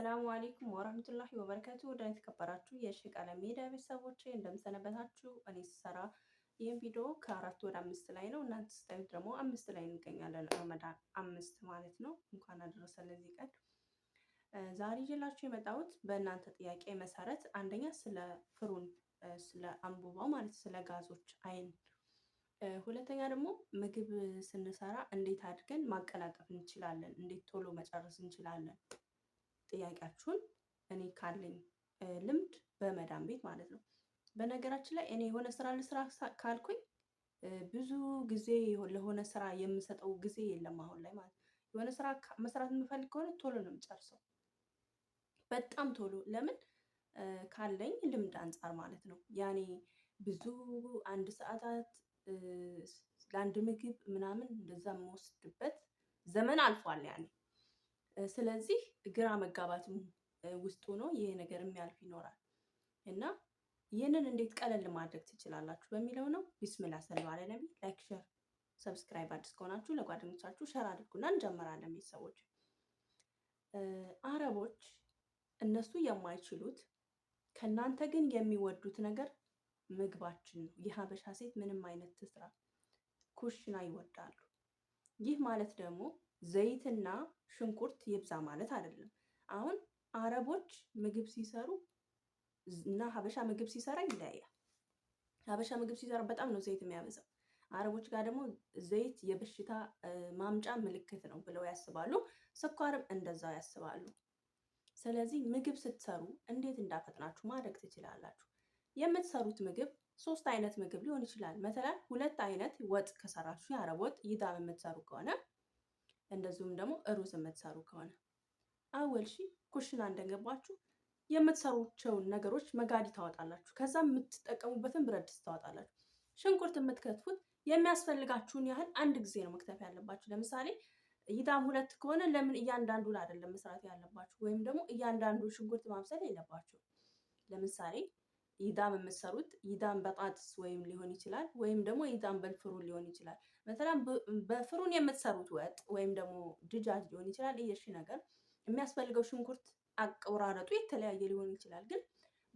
አሰላሙ አሌይኩም ወረህመቱላሂ ወበረካቱ። ወደ የተከበራችሁ የሽቃለ ሚዲያ ቤተሰቦች እንደምሰነበታችሁ። እኔ ስሰራ ይህም ቪዲዮ ከአራት ወደ አምስት ላይ ነው። እናንተ ስታዩት ደግሞ አምስት ላይ እንገኛለን። ረመዳን አምስት ማለት ነው። እንኳን አደረሰን ለዚህ ቀን። ዛሬ ይዤላችሁ የመጣሁት በእናንተ ጥያቄ መሰረት አንደኛ ስለ ፍሩን ስለ አንቡባው ማለት ስለ ጋዞች አይን፣ ሁለተኛ ደግሞ ምግብ ስንሰራ እንዴት አድርገን ማቀላጠፍ እንችላለን፣ እንዴት ቶሎ መጨረስ እንችላለን ጥያቄያችሁን እኔ ካለኝ ልምድ በመዳም ቤት ማለት ነው። በነገራችን ላይ እኔ የሆነ ስራ ልስራ ካልኩኝ ብዙ ጊዜ ለሆነ ስራ የምሰጠው ጊዜ የለም አሁን ላይ ማለት ነው። የሆነ ስራ መስራት የምፈልግ ከሆነ ቶሎ ነው የምጨርሰው፣ በጣም ቶሎ። ለምን ካለኝ ልምድ አንጻር ማለት ነው። ያኔ ብዙ አንድ ሰዓታት ለአንድ ምግብ ምናምን እንደዛ የምወስድበት ዘመን አልፏል ያኔ ስለዚህ ግራ መጋባትም ውስጥ ሆኖ ይሄ ነገር የሚያልፍ ይኖራል እና ይህንን እንዴት ቀለል ማድረግ ትችላላችሁ በሚለው ነው። ቢስሚላ ሰለላሁ ዐለይሂ ወሰለም። ላይክ፣ ሼር፣ ሰብስክራይብ አዲስ ከሆናችሁ ለጓደኞቻችሁ ሸር አድርጉና እንጀምራለን። ቤተሰቦች አረቦች እነሱ የማይችሉት ከእናንተ ግን የሚወዱት ነገር ምግባችን ነው። የሀበሻ ሴት ምንም አይነት ትስራ ኩሽና ይወዳሉ። ይህ ማለት ደግሞ ዘይትና ሽንኩርት ይብዛ ማለት አይደለም። አሁን አረቦች ምግብ ሲሰሩ እና ሀበሻ ምግብ ሲሰራ ይለያያል። ሀበሻ ምግብ ሲሰራ በጣም ነው ዘይት የሚያበዛው። አረቦች ጋር ደግሞ ዘይት የበሽታ ማምጫ ምልክት ነው ብለው ያስባሉ። ስኳርም እንደዛው ያስባሉ። ስለዚህ ምግብ ስትሰሩ እንዴት እንዳፈጥናችሁ ማድረግ ትችላላችሁ። የምትሰሩት ምግብ ሶስት አይነት ምግብ ሊሆን ይችላል። መተላ ሁለት አይነት ወጥ ከሰራችሁ የአረብ ወጥ ይዳም የምትሰሩ ከሆነ እንደዚሁም ደግሞ ሩዝ የምትሰሩ ከሆነ አወል ሺ ኩሽና እንደገባችሁ የምትሰሩቸውን ነገሮች መጋዲ ታወጣላችሁ። ከዛ የምትጠቀሙበትን ብረት ድስት ታወጣላችሁ። ሽንኩርት የምትከትፉት የሚያስፈልጋችሁን ያህል አንድ ጊዜ ነው መክተፍ ያለባችሁ። ለምሳሌ ይዳም ሁለት ከሆነ ለምን እያንዳንዱን አይደለም መስራት ያለባችሁ? ወይም ደግሞ እያንዳንዱ ሽንኩርት ማብሰል የለባችሁ። ለምሳሌ ይዳም የምትሰሩት ይዳም በጣጥስ ወይም ሊሆን ይችላል፣ ወይም ደግሞ ይዳም በልፍሩ ሊሆን ይችላል። በተለይ በፍሩን የምትሰሩት ወጥ ወይም ደግሞ ድጃጅ ሊሆን ይችላል። ይሄ እሺ ነገር የሚያስፈልገው ሽንኩርት አቆራረጡ የተለያየ ሊሆን ይችላል። ግን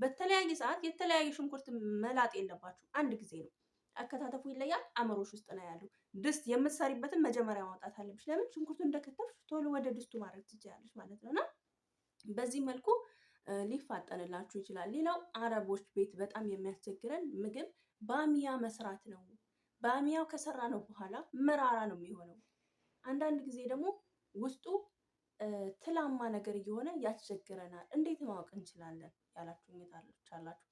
በተለያየ ሰዓት የተለያየ ሽንኩርት መላጥ የለባችሁ አንድ ጊዜ ነው። አከታተፉ ይለያል። አእምሮሽ ውስጥ ነው ያለው። ድስት የምትሰሪበትን መጀመሪያ ማውጣት አለብሽ። ለምን ሽንኩርቱ እንደከተፍሽ ቶሎ ወደ ድስቱ ማድረግ ትችላለሽ ማለት ነው እና በዚህ መልኩ ሊፋጠንላችሁ ይችላል። ሌላው አረቦች ቤት በጣም የሚያስቸግረን ምግብ ባሚያ መስራት ነው። ባሚያው ከሰራ ነው በኋላ መራራ ነው የሚሆነው። አንዳንድ ጊዜ ደግሞ ውስጡ ትላማ ነገር እየሆነ ያስቸግረናል። እንዴት ማወቅ እንችላለን ያላችሁ ሁኔታዎች አላችሁ።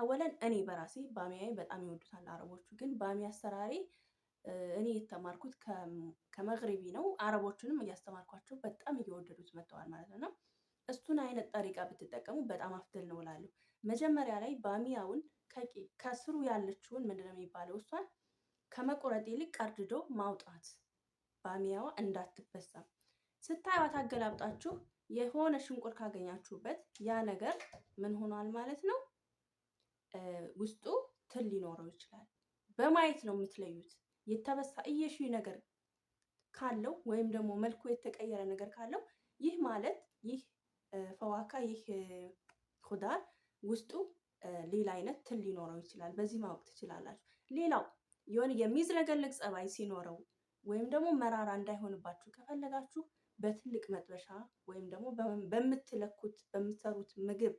አወለን እኔ በራሴ ባሚያ በጣም ይወዱታል አረቦቹ። ግን ባሚያ አሰራሬ እኔ የተማርኩት ከመግሪቢ ነው። አረቦቹንም እያስተማርኳቸው በጣም እየወደዱት መጥተዋል ማለት ነው። እሱን አይነት ጠሪቃ ብትጠቀሙ በጣም አፍድል ነው እላለሁ። መጀመሪያ ላይ ባሚያውን ከስሩ ያለችውን ምንድነው የሚባለው እሷን ከመቁረጥ ይልቅ ቀርድዶ ማውጣት ባሚያዋ እንዳትበሳም ስታዩት አገላብጣችሁ የሆነ ሽንቁር ካገኛችሁበት ያ ነገር ምን ሆኗል ማለት ነው። ውስጡ ትል ሊኖረው ይችላል። በማየት ነው የምትለዩት። የተበሳ እየሺ ነገር ካለው ወይም ደግሞ መልኩ የተቀየረ ነገር ካለው ይህ ማለት ይህ ፈዋካ ይህ ሁዳር ውስጡ ሌላ አይነት ትል ሊኖረው ይችላል። በዚህ ማወቅ ትችላላችሁ። ሌላው የሆነ የሚዝለገለግ ጸባይ ሲኖረው ወይም ደግሞ መራራ እንዳይሆንባችሁ ከፈለጋችሁ በትልቅ መጥበሻ ወይም ደግሞ በምትለኩት በምትሰሩት ምግብ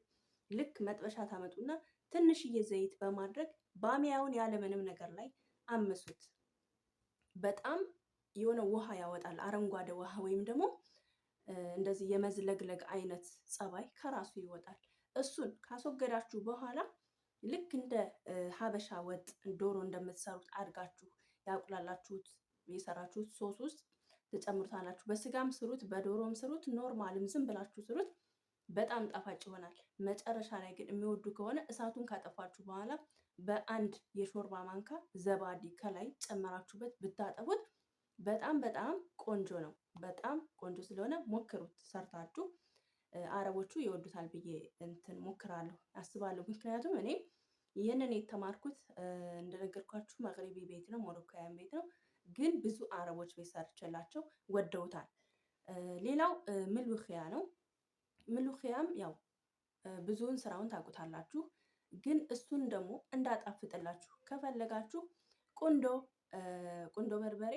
ልክ መጥበሻ ታመጡና ትንሽዬ ዘይት በማድረግ ባሚያውን ያለምንም ነገር ላይ አምሱት። በጣም የሆነ ውሃ ያወጣል፣ አረንጓዴ ውሃ ወይም ደግሞ እንደዚህ የመዝለግለግ አይነት ጸባይ ከራሱ ይወጣል። እሱን ካስወገዳችሁ በኋላ ልክ እንደ ሀበሻ ወጥ ዶሮ እንደምትሰሩት አድርጋችሁ ያቁላላችሁት የሰራችሁት ሶስ ውስጥ ትጨምሩታላችሁ። በስጋም ስሩት፣ በዶሮም ስሩት፣ ኖርማልም ዝም ብላችሁ ስሩት። በጣም ጣፋጭ ይሆናል። መጨረሻ ላይ ግን የሚወዱ ከሆነ እሳቱን ካጠፋችሁ በኋላ በአንድ የሾርባ ማንካ ዘባዲ ከላይ ጨመራችሁበት ብታጠፉት በጣም በጣም ቆንጆ ነው። በጣም ቆንጆ ስለሆነ ሞክሩት ሰርታችሁ። አረቦቹ ይወዱታል ብዬ እንትን ሞክራለሁ አስባለሁ። ምክንያቱም እኔ ይህንን የተማርኩት እንደነገርኳችሁ መቅሪቢ ቤት ነው፣ ሞሮካያን ቤት ነው። ግን ብዙ አረቦች ቤት ሰርቼላቸው ወደውታል። ሌላው ምሉኪያ ነው። ምሉኪያም ያው ብዙውን ስራውን ታውቁታላችሁ። ግን እሱን ደግሞ እንዳጣፍጥላችሁ ከፈለጋችሁ ቁንዶ ቁንዶ በርበሬ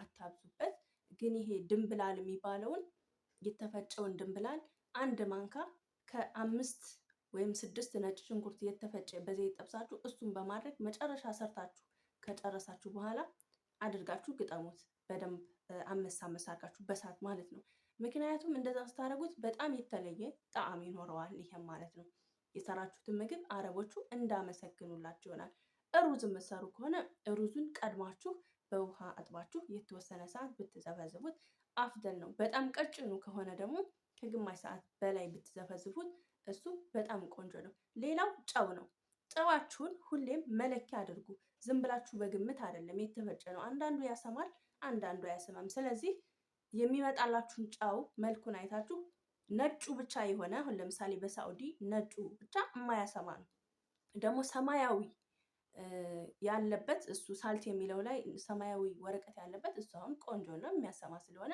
አታብዙበት። ግን ይሄ ድንብላል የሚባለውን የተፈጨውን ድንብላል አንድ ማንካ ከአምስት ወይም ስድስት ነጭ ሽንኩርት የተፈጨ በዘይት ጠብሳችሁ እሱን በማድረግ መጨረሻ ሰርታችሁ ከጨረሳችሁ በኋላ አድርጋችሁ ግጠሙት። በደንብ አመሳ አመሳ አድርጋችሁ በሳት ማለት ነው። ምክንያቱም እንደዛ ስታደርጉት በጣም የተለየ ጣዕም ይኖረዋል። ይሄም ማለት ነው የሰራችሁትን ምግብ አረቦቹ እንዳመሰግኑላችሁ ይሆናል። ሩዝ የምትሰሩ ከሆነ ሩዙን ቀድማችሁ በውሃ አጥባችሁ የተወሰነ ሰዓት ብትዘፈዝፉት አፍደል ነው። በጣም ቀጭኑ ከሆነ ደግሞ ከግማሽ ሰዓት በላይ ብትዘፈዝፉት እሱ በጣም ቆንጆ ነው። ሌላው ጨው ነው። ጨዋችሁን ሁሌም መለኪያ አድርጉ። ዝም ብላችሁ በግምት አይደለም፣ የተፈጨ ነው። አንዳንዱ ያሰማል፣ አንዳንዱ አያሰማም። ስለዚህ የሚመጣላችሁን ጨው መልኩን አይታችሁ ነጩ ብቻ የሆነ አሁን ለምሳሌ በሳውዲ ነጩ ብቻ የማያሰማ ነው። ደግሞ ሰማያዊ ያለበት እሱ ሳልት የሚለው ላይ ሰማያዊ ወረቀት ያለበት እሱ አሁን ቆንጆ ነው የሚያሰማ ስለሆነ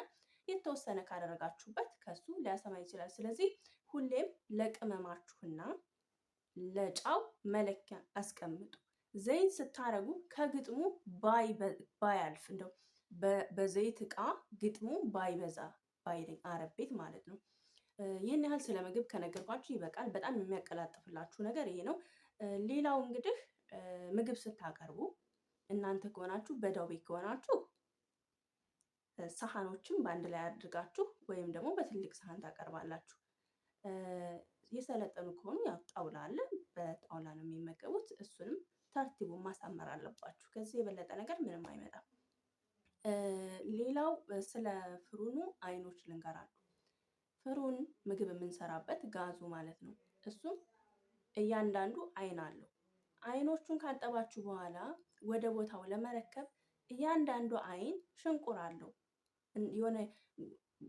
የተወሰነ ካደረጋችሁበት ከሱ ሊያሰማ ይችላል። ስለዚህ ሁሌም ለቅመማችሁና ለጫው መለኪያ አስቀምጡ። ዘይት ስታረጉ ከግጥሙ ባያልፍ እንደው በዘይት እቃ ግጥሙ ባይበዛ ባይለኝ አረብ ቤት ማለት ነው። ይህን ያህል ስለ ምግብ ከነገርኳችሁ ይበቃል። በጣም የሚያቀላጥፍላችሁ ነገር ይሄ ነው። ሌላው እንግዲህ ምግብ ስታቀርቡ እናንተ ከሆናችሁ በደቤ ከሆናችሁ ሳህኖችን በአንድ ላይ አድርጋችሁ ወይም ደግሞ በትልቅ ሳህን ታቀርባላችሁ። የሰለጠኑ ከሆኑ ያው ጣውላ አለ፣ በጣውላ ነው የሚመገቡት። እሱንም ተርቲቡን ማሳመር አለባችሁ። ከዚህ የበለጠ ነገር ምንም አይመጣም። ሌላው ስለ ፍሩኑ አይኖች ልንገራሉ። ፍሩን ምግብ የምንሰራበት ጋዙ ማለት ነው። እሱም እያንዳንዱ አይን አለው። አይኖቹን ካጠባችሁ በኋላ ወደ ቦታው ለመረከብ እያንዳንዱ አይን ሽንቁር አለው የሆነ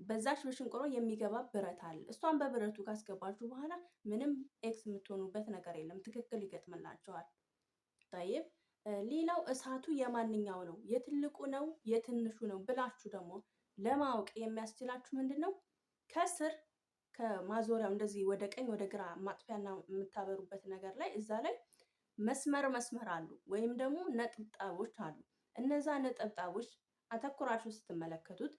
በዛች ብሽንቆሮ የሚገባ ብረት አለ። እሷን በብረቱ ካስገባችሁ በኋላ ምንም ኤክስ የምትሆኑበት ነገር የለም። ትክክል ይገጥምላችኋል። ታይብ ሌላው እሳቱ የማንኛው ነው? የትልቁ ነው? የትንሹ ነው? ብላችሁ ደግሞ ለማወቅ የሚያስችላችሁ ምንድን ነው? ከስር ከማዞሪያው እንደዚህ ወደ ቀኝ ወደ ግራ ማጥፊያና የምታበሩበት ነገር ላይ እዛ ላይ መስመር መስመር አሉ ወይም ደግሞ ነጥብጣቦች አሉ። እነዛ ነጠብጣቦች አተኩራችሁ ስትመለከቱት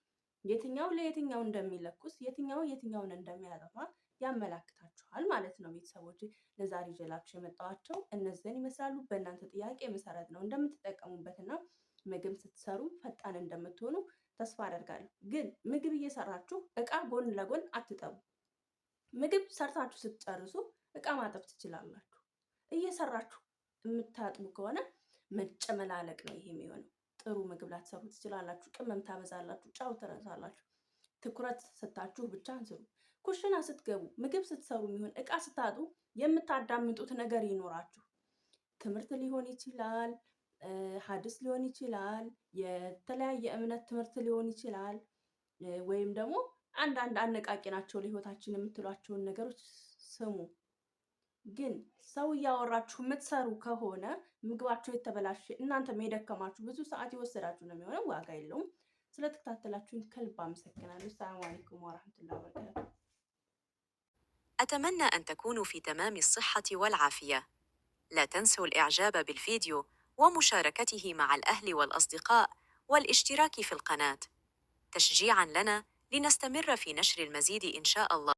የትኛው ለየትኛው እንደሚለኩስ የትኛው የትኛውን እንደሚያጠፋ ያመላክታችኋል ማለት ነው። ቤተሰቦች ለዛሬ ይዤላችሁ የመጣኋቸው እነዚህን ይመስላሉ። በእናንተ ጥያቄ መሰረት ነው እንደምትጠቀሙበትና ምግብ ስትሰሩ ፈጣን እንደምትሆኑ ተስፋ አደርጋለሁ። ግን ምግብ እየሰራችሁ እቃ ጎን ለጎን አትጠቡ። ምግብ ሰርታችሁ ስትጨርሱ እቃ ማጠብ ትችላላችሁ። እየሰራችሁ የምታጥቡ ከሆነ መጨመላለቅ ነው ይሄ የሚሆነው። ጥሩ ምግብ ላትሰሩ ትችላላችሁ። ቅመም ታበዛላችሁ፣ ጫው ትረሳላችሁ። ትኩረት ስታችሁ ብቻ ስሩ። ኩሽና ስትገቡ፣ ምግብ ስትሰሩ የሚሆን እቃ ስታጡ የምታዳምጡት ነገር ይኖራችሁ። ትምህርት ሊሆን ይችላል፣ ሀድስ ሊሆን ይችላል፣ የተለያየ እምነት ትምህርት ሊሆን ይችላል። ወይም ደግሞ አንዳንድ አነቃቂ ናቸው ለህይወታችን የምትሏቸውን ነገሮች ስሙ። ግን ሰው እያወራችሁ የምትሰሩ ከሆነ ምግባችሁ የተበላሸ እናንተም የደከማችሁ ብዙ ሰዓት የወሰዳችሁ ነው የሚሆነው። ዋጋ የለውም። ስለተከታተላችሁን ከልብ አመሰግናለሁ። ሰላም አለይኩም ወረህመቱላ ወበረካቱ። أتمنى أن تكونوا في تمام الصحة والعافية. لا تنسوا الإعجاب بالفيديو ومشاركته مع الأهل والأصدقاء والاشتراك في القناة تشجيعا لنا لنستمر في نشر المزيد إن شاء الله